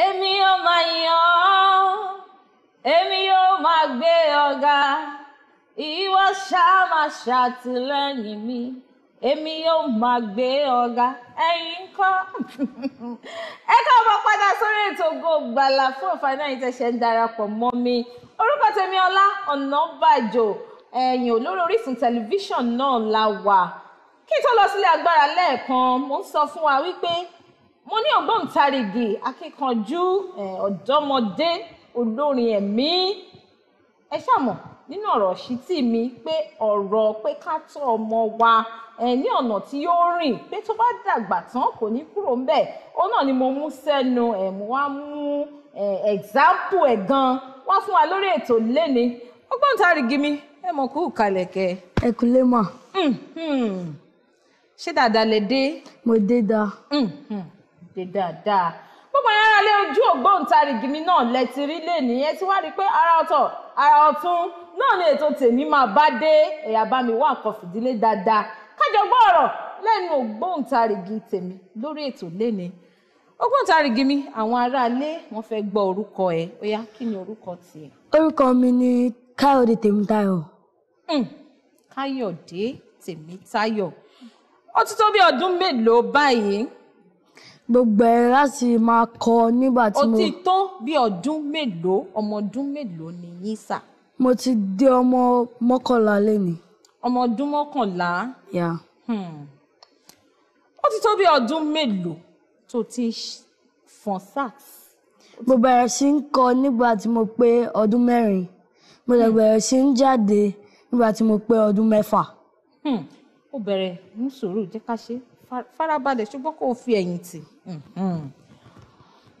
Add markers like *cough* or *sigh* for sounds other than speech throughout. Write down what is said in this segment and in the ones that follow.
èmi yóò máa yìn ọ́ èmi yóò máa gbé ọ̀gá ìwọ ṣáá máa ṣàtìlẹ́yìn mi èmi yóò máa gbé ọ̀gá ẹ̀yin kọ́. ẹ káàbọ̀ padà sórí ètò Ògo Ìgbàlà fún ìfàní ẹ̀yin tẹ̀sẹ̀ ń darapọ̀ mọ́ mi orúkọ tèmi Ọlá Ọ̀nàbàjò ẹ̀yìn olórí Orísun tẹlifíṣàn náà la wà kí n tó lọ sílé agbára lẹ́ẹ̀kan mo ń sọ fún wa wípé mo ní ògbóǹtarìgì akíkanjú ọ̀dọ́mọdé olórin ẹ̀mí ẹ ṣàmọ̀ nínú ọ̀rọ̀ ṣítì mi pé ọ̀rọ̀ pé ká tọ́ ọmọ wa ní ọ̀nà tí yóò rìn pé tó bá dàgbà tán kò ní kúrò ńbẹ̀ ó náà ni mo mú sẹ́nu ẹ̀ mo wá mú ẹ̀xámpù ẹ̀ gan wá fún wa lórí ètò léni ògbóǹtarìgì mi ẹ mọ̀ kú kalẹ̀ kẹ. ẹ kúlẹ̀ mọ̀. ṣé dáadáa lè dé. mo dé dáa dé dáadáa gbogbo àwọn aráalé ojú ògbóǹtarìgì mi náà lẹ́tí rí lẹ́nìí ẹ ti wá rí i pé ara ọ̀tọ̀ ara ọ̀tún náà ni ètò tèmi máa bá dé ẹ̀yà bá mi wá nǹkan fìdílé dáadáa kájọ gbọ́ ọ̀rọ̀ lẹ́nu ògbóǹtarìgì tèmi lórí ètò lẹ́nìí ògbóǹtarìgì mi àwọn aráalé wọ́n fẹ́ gbọ́ orúkọ ẹ̀ ó yá kí ni orúkọ tiẹ̀. orúkọ mi ni káyọ̀dé tèmítáyọ̀. Hmm, káyọ̀dé tèmítáyọ̀ ó ti tó bí ọdún mélòó báyìí mo bẹ̀rẹ̀ láti máa kọ nígbà tí mo. o ti tó bí ọdún mélòó ọmọ ọdún mélòó ni yín sà. mo ti dé ọmọ mọ́kànlá lẹ́ni. ọmọ ọdún mọ́kànlá. yà. Hmm. ó ti tó bí ọdún mélòó tó ti fọn sax. mo bẹ̀rẹ̀ sí ń kọ nígbà tí mo pé ọdún mẹ́rin mo lè hmm. bẹ̀rẹ̀ sí ń jáde nígbà tí mo pé ọdún mẹ́fà. Hmm. ó bẹ̀rẹ̀ mú sùúrù jẹ́ ká ṣe é farabalẹ̀ ṣùgbọ́n kò fi ẹ̀yìn tì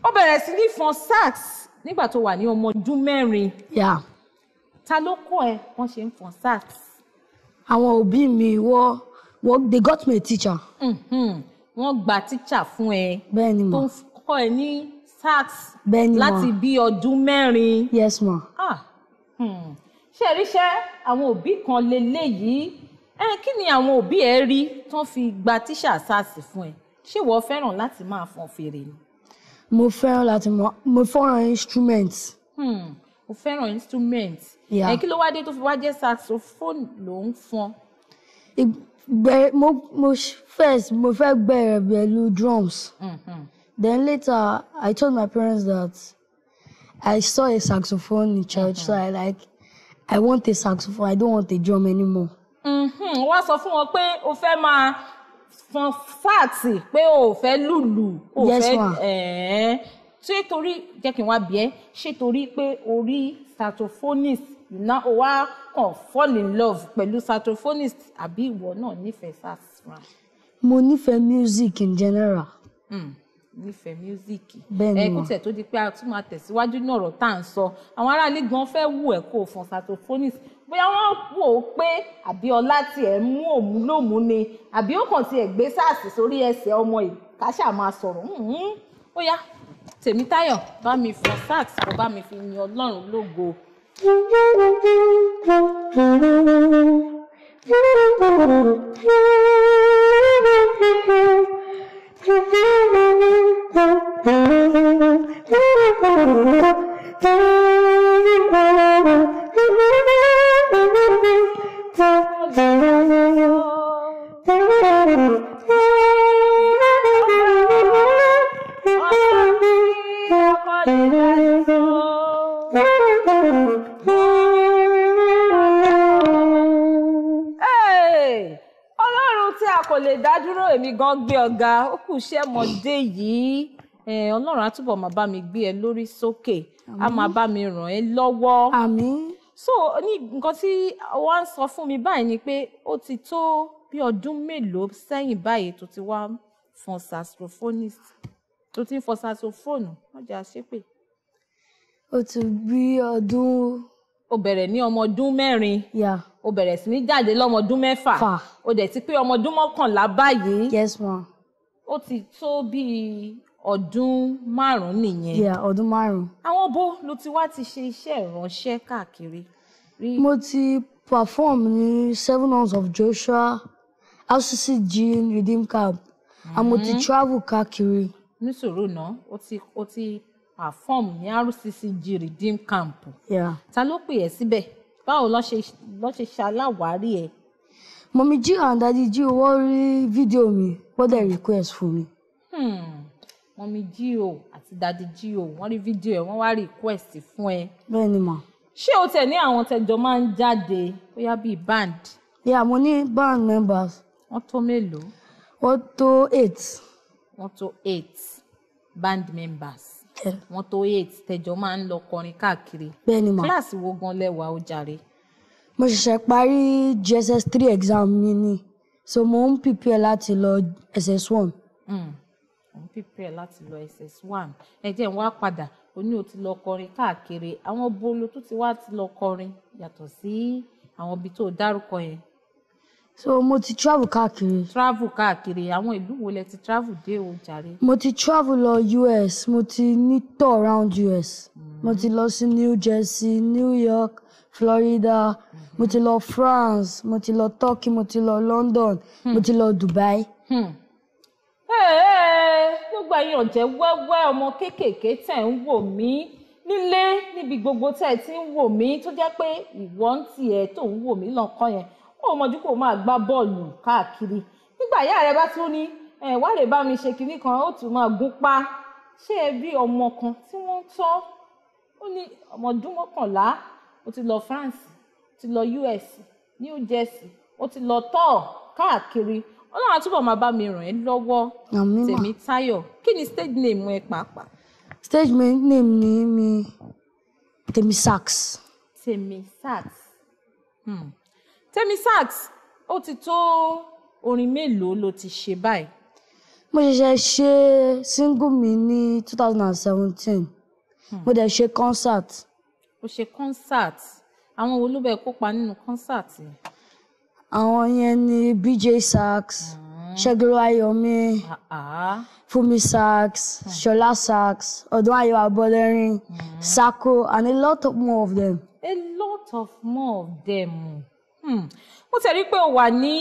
ó bẹ̀rẹ̀ sí ní fọn sax nígbà tó wà ní ọmọ ọdún mẹ́rin ta ló kọ́ ẹ wọ́n ṣe ń fọn sax. àwọn òbí mi wọ́n wọ́n they got me a teacher. wọ́n gba teacher fún ẹ bẹ́ẹ̀ni ma tó ń kọ́ ẹ ní sax bẹ́ẹ̀ni ma láti bí ọdún mẹ́rin. yes ma. ah ṣe ríṣẹ́ àwọn òbí kan lélẹ́yìí ẹ kí ni àwọn òbí ẹ rí tán fi gba tíṣà sars fún ẹ ṣé ìwọ fẹ́ràn láti máa fọn fèrè ni. mo fẹ́ràn láti mo fẹ́ràn instrument. Hmm. mo fẹ́ràn instrument. ẹ kí ló wá dé tó fi wá jẹ́ saxophone ló ń fọn. ìgbẹ́ mo mo first mo fẹ́ bẹ̀rẹ̀ pẹ̀lú drums. Mm-hmm. then later I told my parents that I saw a saxophone in church mm-hmm. so I like I want a saxophone I don't want a drum anymore wá sọ fún wọn pé o fẹ́ máa fọn fáàtì pé o ò fẹ́ lùlù o ò fẹ́ ẹ̀ẹ́n ṣé torí jẹ́ kí n wá bí ẹ́ ṣé torí pé orí saxophonist ìná o wá kàn fall in love pẹ̀lú saxophonist àbí ìwọ náà nífẹ̀ẹ́ saxophone. mo nífẹ̀ẹ́ music in general. Mm nífẹ̀ẹ́ míúsíìkì ẹ kó tẹ̀ tó di pé a tún máa tẹ̀síwájú ní ọ̀rọ̀ tá à ń sọ àwọn aráàlú gan fẹ́ wù ẹ́ kó o fọn saxophonist bóyá wọ́n wò ó pé àbí ọlá tiẹ̀ mú òun lòmú ni àbí ó kàn tiẹ̀ gbé sars sórí ẹsẹ̀ ọmọ yìí ká ṣáà máa sọ̀rọ̀ ó yá bá mi fọ sax kó bá mi fi yin Ọlọ́run lógo. Thank *laughs* you. ọlọ́run tí a kò lè dá dúró èmi gan gbé ọ̀gá ó kù iṣẹ́ mọ̀dé yìí eh, ọlọ́run á túbọ̀ máa bá mi gbé ẹ lórí sókè á máa bá mi ràn ẹ́ lọ́wọ́. so ní nǹkan tí wọ́n ń sọ fún mi báyìí ni pé ó ti tó bí ọdún mélòó sẹ́yìn báyìí tó ti wá fọn saxophonist tó ti ń fọn saxophone wọ́n jẹ́ ó ti bí ọdún. o bẹ̀rẹ̀ ní ọmọ ọdún mẹ́rin. yà. o bẹ̀rẹ̀ sí ní jáde lọ́mọ ọdún mẹ́fà. fà. o dẹ̀ ti pé ọmọ ọdún mọ́kànlá báyìí. yes ma. ó ti tó bíi ọdún márùn-ún nìyẹn. yà ọdún márùn-ún. àwọn bó ló ti wá ti ṣe iṣẹ́ ìránṣẹ́ káàkiri. mo ti perform ní seven hours of Joshua RCCG Redeem Camp. Mm -hmm. and mo ti mm-hmm. travel káàkiri. nísòro náà o ti o ti perform ní RCCG Redeem Camp yeah. ta ló pè ẹ́ síbẹ̀ báwo ló ṣe ṣaláwárí ẹ̀. mọ̀mí jí and jí wọ́n rí fídíò mi wọ́n request fún mi. mọ̀mí jí o àti dadi jí o wọ́n rí fídíò ẹ̀ wọ́n wá request fún ẹ. bẹ́ẹ̀ mà. ṣé o tẹ̀ ní àwọn tẹjọ máa ń jáde bóyá bíi band. yà mo ní band members. wọ́n tó mélòó. wọ́n tó eight. wọ́n tó eight band members wọ́n tó eight tẹ̀jọ́ máa ń lọ kọrin káàkiri. bẹ́ẹ̀ni ma kíláàsì wo gan lẹ́wà ó jàre. mo ṣẹ̀ṣẹ̀ parí JSS three exam mi ni so mo ń prepare láti lọ SS one. Hmm. mo ń prepare láti lọ SS one ẹ jẹ́ n wá padà o ní o ti lọ kọrin káàkiri àwọn bolo tó ti wá ti lọ kọrin yàtọ̀ sí àwọn ibi tó dárúkọ yẹn So mo ti travel káàkiri. Travel káàkiri, àwọn ìlú wo lẹ ti travel dé o jàre? Mo ti travel lọ US, mo ti ní tour around US. Mm. Mo ti lọ sí New Jersey, New York, Florida, mm -hmm. mo ti lọ France, mo ti lọ Turkey, mo ti lọ London, hmm. mo ti lọ Dubai. Hmm. gbogbo ẹ̀yin ọ̀jẹ̀ ọmọ kéékèèké tẹ̀ ń wò mí nílé níbi gbogbo tẹ̀ tí ń wò mí tó jẹ́ pé ìwọ ń tiẹ̀ tó ń wò mí lọ́kàn yẹn kó o mọ̀jú kó o máa gbá bọ́ọ̀lù káàkiri nígbà ìyá rẹ bá tún ní wá lè bá mi ṣe kinní kan ó tún máa gún pa ṣé ẹ bí ọmọ kan tí wọ́n tọ́ ó ní ọmọ ọdún mọ́kànlá ó ti lọ France ó ti lọ US New Jersey ó ti lọ tọ́ káàkiri ọlọ́run àtúbọ̀ máa bá mi ràn ẹ́ lọ́wọ́ Tèmítáyọ̀ kí ni stage name ẹ pàápàá. stage name ni mi Temisax. Temisax. Hmm. Tẹ́mi Sax ó ti tó orin mélòó ló ti ṣe báyìí. mo ṣẹ̀ṣẹ̀ ṣe single mi ní two thousand and seventeen mo dẹ̀ ṣe concert. o ṣe concert àwọn wo ló bẹ kópa nínú concert yẹn. àwọn yẹn ni BJ Sax hmm. Ṣẹ́gun Ayọ̀mí ah, ah. Fumi Sax hmm. Ṣọlá Sax Ọdún Ayọ̀ Abọ́lẹ́rìn hmm. Sako and a lot more of them. a lot of more of them. Hmm. mo tẹ̀rí pé o wà ní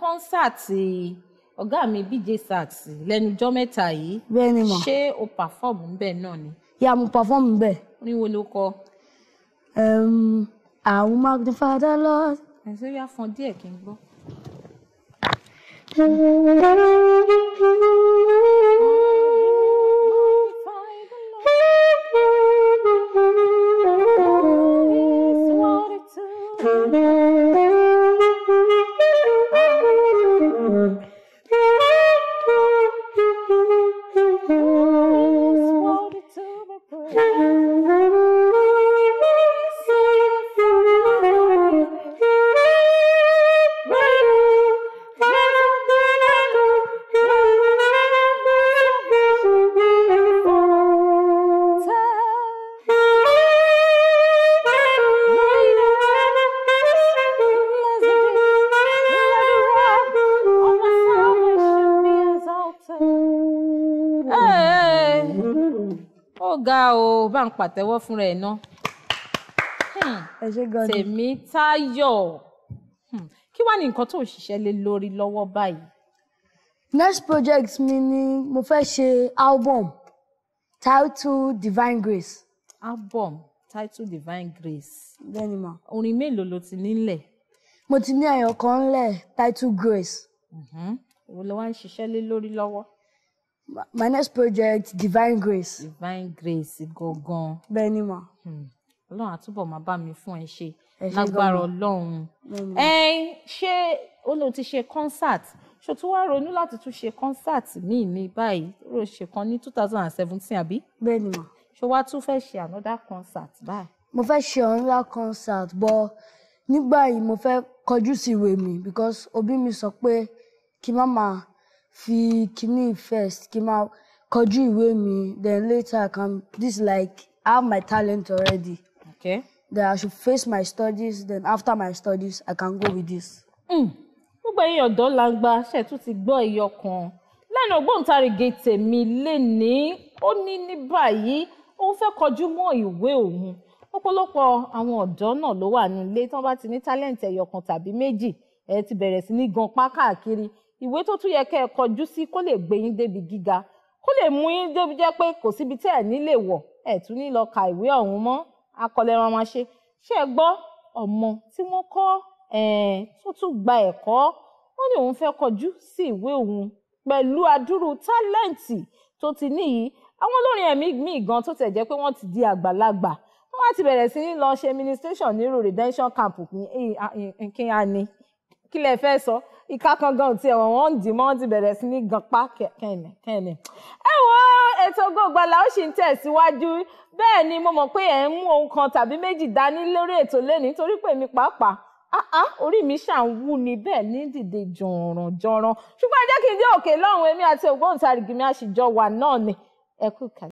kọ́nsáàtì ọ̀gá mi bj sax lẹ́nujọ́ mẹ́ta yìí bẹ́ẹ̀ ni mà ṣé o perform ńbẹ̀ náà ni. ya mo perform ńbẹ̀. orin wo ló kọ. I will magnify the Lord. ẹ̀sẹ̀ yà fọn díẹ̀ kí n gbọ́. Thank you. ga o bá ń pàtẹ́wọ́ fúnra ẹ̀ náà hmm, tèmi táyọ̀ hmm, kí wàá ní nǹkan tó ṣiṣẹ́ lé lórí lọ́wọ́ báyìí. next project mi ni mo fẹ́ ṣe album title divine grace. album title divine grace. bẹ́ẹ̀ni ma. orin mélòó ló ti nílẹ̀. mo ti ní ẹyọ kan ńlẹ̀ title grace. òun mhm. ló wá ń ṣiṣẹ́ lé lórí lọ́wọ́ my next project divine grace. divine grace gangan. bẹ́ẹ̀ ni mà. Hmm. ọlọ́run àtúbọ̀ máa bá mi fún ẹ ṣe lágbára ọlọ́run. ṣé ó ti ṣe concert ṣó tún wá ronú láti tún ṣe concert míì ní báyìí ó ṣe kan ní two thousand and seventeen àbí. bẹ́ẹ̀ ni mà. ṣó wá tún fẹ́ ṣe another concert báyìí. mo fẹ́ ṣe another concert but nígbà yìí mo fẹ́ kọjú sí ìwé mi because òbí mi sọ pé kí n má máa fi kini first kí n máa kọjú ìwé mi then later I can this like I have my talent already. Okay. Then I should face my studies then after my studies I can go with this. Hmm. Gbogbo ẹ̀yin ọ̀dọ́ langba ṣe tún ti gbọ́ ẹyọ kan lẹ́nu ògbóǹtarìgì tèmi lénìí ó ní ní báyìí òun fẹ́ kọjú mọ́ ìwé òun ọ̀pọ̀lọpọ̀ àwọn ọ̀dọ́ náà ló wà nílé tí wọ́n bá ti ní tálẹ̀ǹtì ẹ̀yọ̀kan tàbí méjì ẹ̀ ti bẹ̀rẹ̀ sí ní gan pákáàkiri ìwé tó tún yẹ kẹ́ ẹ kọjú sí kó lè gbé yín débi gíga kó lè mú yín débi jẹ́ pé kò síbi tẹ́ ẹ̀ ní lè wọ̀ ẹ̀ tún ní lọ ka ìwé ọ̀hún mọ́ akọlẹ̀ wọn máa ṣe ṣé ẹ gbọ́ ọmọ tí wọ́n kọ́ tó tún gba ẹ̀kọ́ wọ́n ní òun fẹ́ kọjú sí ìwé òun pẹ̀lú adúrú tálẹ́ǹtì tó ti níyì àwọn olórin ẹ̀mí míì gan tó tẹ̀ jẹ́ pé wọ́n ti di àgbàlagbà wọ́n á ti bẹ̀rẹ̀ sí ní lọ ṣe ministration nírú redemption camp kí á ní kí lẹ fẹ́ sọ ìka kan gan ti ẹ̀wọ̀n wọn ń dì mọ́ ti bẹ̀rẹ̀ sí ní ganpa kẹ́ẹ̀nì kẹ́ẹ̀nì. ẹ wo ètò Ògo Ìgbàlà ó sì ń tẹ̀síwájú bẹ́ẹ̀ ni mo mọ̀ pé ẹ̀ ń mú ohun kan tàbí méjì dání lórí ètò lẹ́ni torí pé mi pàápàá áá orí mi ṣàn wú ni bẹ́ẹ̀ ní dìde jọ̀ràn jọ̀ràn ṣùgbọ́n ẹ jẹ́ kí n dé òkè lọ́hùn-ún èmi àti ògbóǹtarìgì mi àṣìjọ wà náà ni ẹ kú ìkàlẹ̀.